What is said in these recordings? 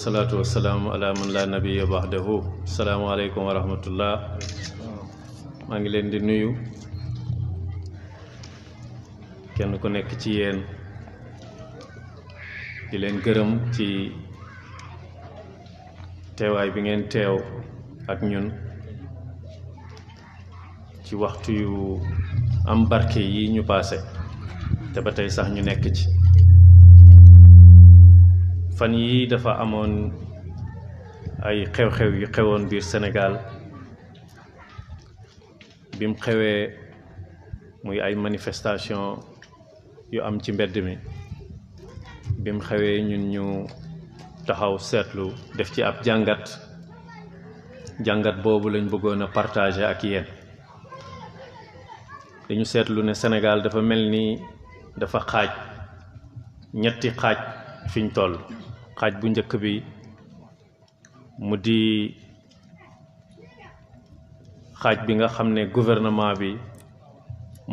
wassalatu wassalamu ala man la nabiyya ba'dahu assalamu alaykum wa rahmatullah ma ngi len di nuyu kenn ku nek ci yeen di len geureum ci teway bi ngeen tew ak ñun ci waxtu yu am barke yi ñu passé te batay sax ñu nek ci fan yii dafa amoon ay xew-xew yu xewoon biir Sénégal bim xewee muy ay manifestation yu am ci mbedd mi bim xewee ñun ñu taxaw seetlu def ci ab jàngat jàngat boobu lañ bëggoon a partager ak yéen dañu seetlu ne Sénégal dafa mel ni dafa xaaj ñetti xaaj fiñ toll xaaj bu njëkk bi mu di xaaj bi nga xam ne gouvernement bi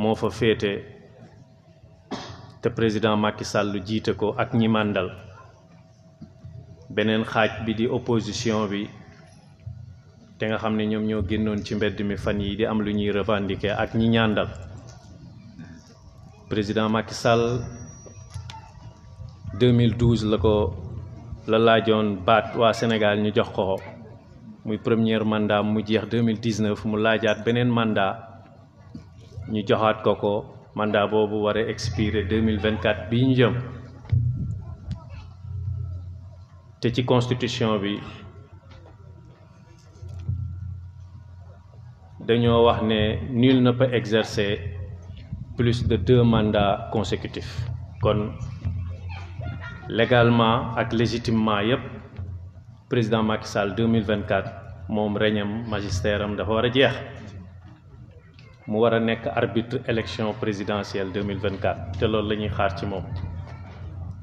moo fa féete te président Macky Sall jiite ko ak ñi màndal beneen xaaj bi di opposition bi te nga xam ne ñoom ñoo génnoon ci mbedd mi fan yi di am lu ñuy revendiquer ak ñi ñàndal président Macky la ko la laajoon baat waa Sénégal ñu jox ko muy première mandat mu jeex 2019 mu laajaat beneen mandat ñu joxaat ko ko mandat boobu war a expiré 2024 bii ñu jëm te ci constitution bi dañoo wax ne nul ne peut exercer plus de deux mandats consécutifs kon légalement ak légitimement yépp président Macky Sall 2024 moom reñam magistère am dafa war a jeex mu war a nekk arbitre élection présidentielle 2024 te loolu la ñuy xaar ci moom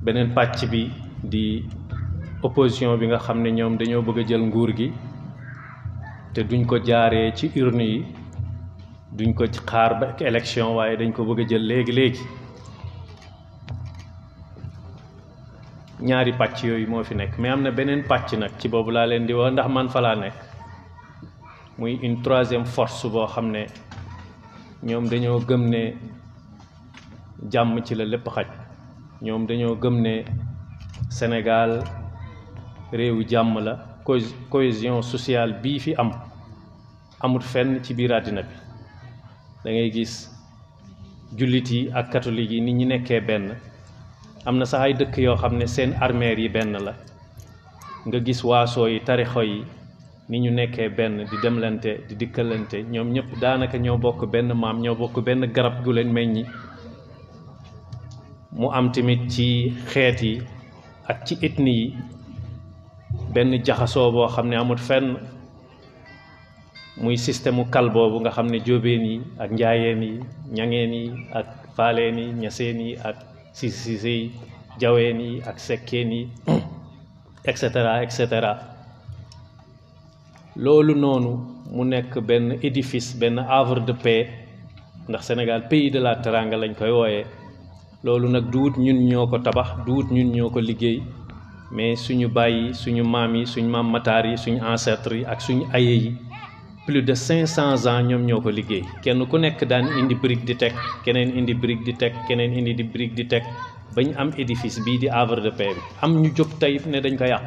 beneen pàcc bi di opposition bi nga xam ne ñoom dañoo bëgg a jël nguur gi te duñ ko jaaree ci urne yi duñ ko xaar ba élection waaye dañ ko bëgg a jël léegi léegi ñaari pàcc yooyu moo fi nekk mais am na beneen pàcc nag ci boobu laa leen di woo ndax man fa laa nekk muy une troisième force boo xam ne ñoom dañoo gëm ne jàmm ci la lépp xaj ñoom dañoo gëm ne senegal réewu jàmm la cohésion sociale bii fi am amut fenn ci biir àddina bi da ngay gis jullit yi ak catholique yi nit ñi nekkee benn am na sax ay dëkk yoo xam ne seen armeer yi benn la nga gis waasoo yi tarixo yi ni ñu nekkee benn di demlante di dikkalante ñoom ñëpp daanaka ñoo bokk benn maam ñoo bokk benn garab gu leen meññi mu am tamit ci xeet yi ak ci itni yi benn jaxasoo boo xam ne amut fenn muy système mu kal boobu nga xam ne jóobeen yi ak njaayeen yi ñangeen yi ak faaleen yi ñaseen yi ak Si si si, yi ak sekeni etc etc cetera et cetera ben mu nek édifice ben havre de paix ndax Sénégal pays de la teranga lañ koy woyé lolou nak duut ñun ñoko tabax duut ñun ñoko liggéey mais suñu suñu suñu suñu ancêtre ak suñu ayé plus de 500 ans ñom ñoko liggéey kenn ku nekk daan indi brique di tek keneen indi brique di tek keneen indi di brique di tek bañ am édifice bii di havre de paix bi am ñu jóg tey ne dañ ko yàq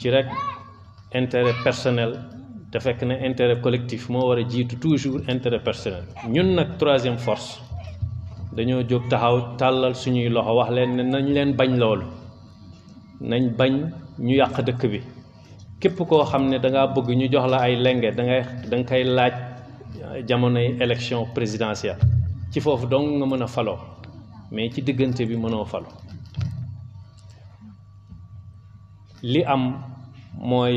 ci rek intérêt personnel te fekk ne intérêt collectif moo war a jiitu toujours intérêt personnel ñun nag troisième force dañoo jóg taxaw tàllal suñuy loxo wax leen ne nañ leen bañ loolu nañ bañ ñu yàq dëkk bi képp koo xam ne da ngaa bëgg ñu jox la ay lenge da ngay da nga koy laaj jamonoy élection présidentielle ci foofu dong nga mën a faloo mais ci diggante bi mënoo falo li am mooy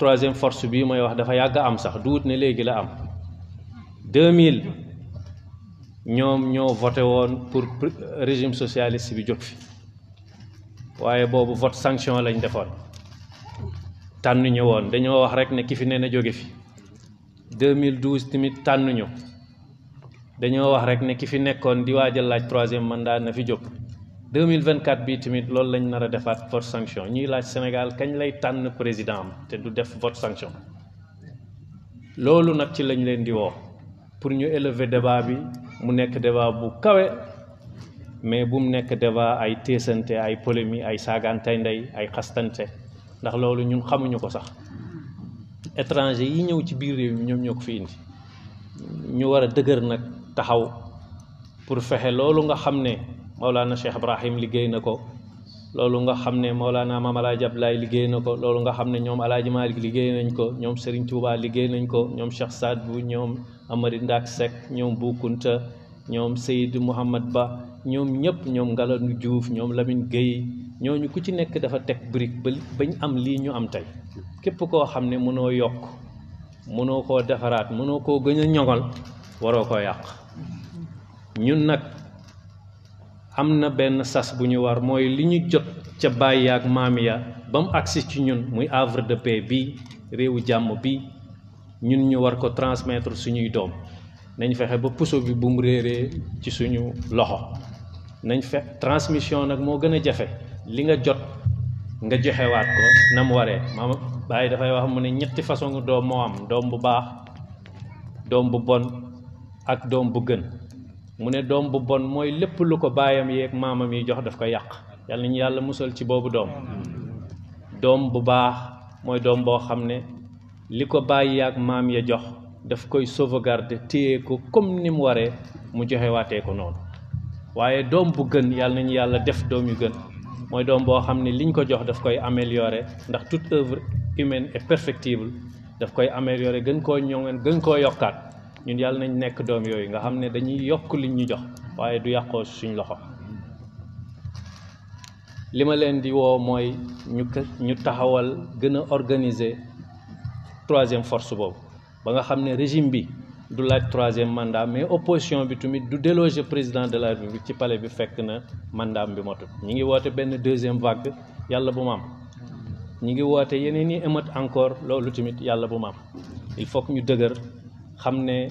troisième force bi mooy wax dafa yàgg am sax duut ne léegi la am 2000 ñoom ñoo voté woon pour régime socialiste bi jóg fi waaye boobu vote sanction lañ defoon tànn tànnuñu woon dañoo wax rek ne ki fi nee na jóge fi 2012 tànn tànnuñu dañoo wax rek ne ki fi nekkoon di waajal laaj troisième mandat na fi jóg 2024 bii tamit loolu lañ nar a defaat vote sanction ñuy laaj Sénégal kañ lay tànn président te du def vote sanction loolu nag ci lañ leen di woo pour ñu élever débat bi mu nekk débat bu kawe mais bu mu nekk débat ay téesante ay polémique ay saagaantey ndey ay xastante ndax loolu ñun xamuñu ko sax étranger yi ñëw ci biir réew mi ñoom ñoo ko fi indi ñu war a dëgër nag taxaw pour fexe loolu nga xam ne Maulana Cheikh Ibrahim liggéey na ko loolu nga xam ne Maulana Maam Alaaji Ablaay liggéey na ko loolu nga xam ne ñoom Alaaji Maalik liggéey nañ ko ñoom Serigne Touba liggéey nañ ko ñoom Cheikh Saad Bu ñoom Amari Ndak Seck ñoom Boukounta ñoom Seydou Mouhamad Ba ñoom ñëpp ñoom Ngalandou Diouf ñoom lamin Guèye ñooñu ku ci nekk dafa teg brique ba bañ am lii ñu am tey képp koo xam ne mënoo yokk mënoo koo defaraat mënoo koo gën a ñoŋal waroo koo yàq ñun nag am na benn sas bu ñu war mooy li ñu jot ca bàyyi ak maam ya ba mu agsi ci ñun muy havre de paix bii réewu jàmm bi ñun ñu war ko transmettre suñuy doom nañ fexe ba puso bu mu réeree ci suñu loxo nañ fe transmission nag moo gën a jafe li nga jot nga joxewaat ko nam waree maama bàyyi dafay wax mu ne ñetti façon doom moo am doom bu baax doom bu bon ak doom bu gën mu ne doom bu bon mooy lépp lu ko baayam yeeg maamam yi jox daf ko yàq yàlla nañu yàlla musal ci boobu doom doom bu baax mooy doom boo xam ne li ko bàyyi ak maam ya jox daf koy sauvegarder téye ko comme ni mu waree mu joxe waatee ko noonu waaye doom bu gën yàlla nañu yàlla def doom yu gën mooy doom boo xam ne liñ ko jox dafa koy améliorer ndax tout œuvre humaine est perfectible daf koy améliorer gën koo ñoŋen gën koo yokkaat ñun yàlla nañ nekk doom yooyu nga xam ne dañuy yokk liñ ñu jox waaye du yàqoo suñ loxo li ma leen di woo mooy ñu ñu taxawal gën a organiser troisième force boobu ba nga xam ne régime bi du laaj troisième mandat mais opposition bi tamit du déloger président de la république ci palais bi fekk na mandat bi motut ñi ngi woote benn deuxième vague yalla bu ma am ñi ngi woote yeneen i émeute encore loolu tamit yalla bu ma am il faut que ñu dëgër xamné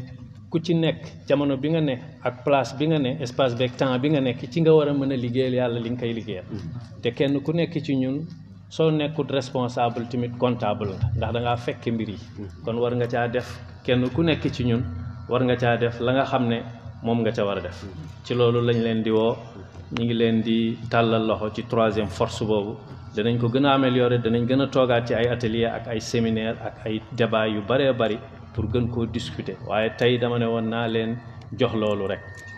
ku ci nekk jamono bi nga ne ak place bi nga ne espace beeg temps bi nga nekk ci nga war a mën a liggéeyal yàlla li nga koy liggéeyal mm-hmm. te kenn ku nekk ci ñun soo nekkut responsable tamit comptable ndax da ngaa fekk mbir yi kon war nga caa def kenn ku nekk ci ñun war nga caa def la nga xam ne moom nga ca war a def ci loolu lañ leen di woo ñu ngi leen di tàllal loxo ci troisième force boobu danañ ko gën a améliorer danañ gën a toogaat ci ay atelier ak ay séminaire ak ay débat yu bëree bari pour gën koo discuter waaye tey dama ne woon naa leen jox loolu rek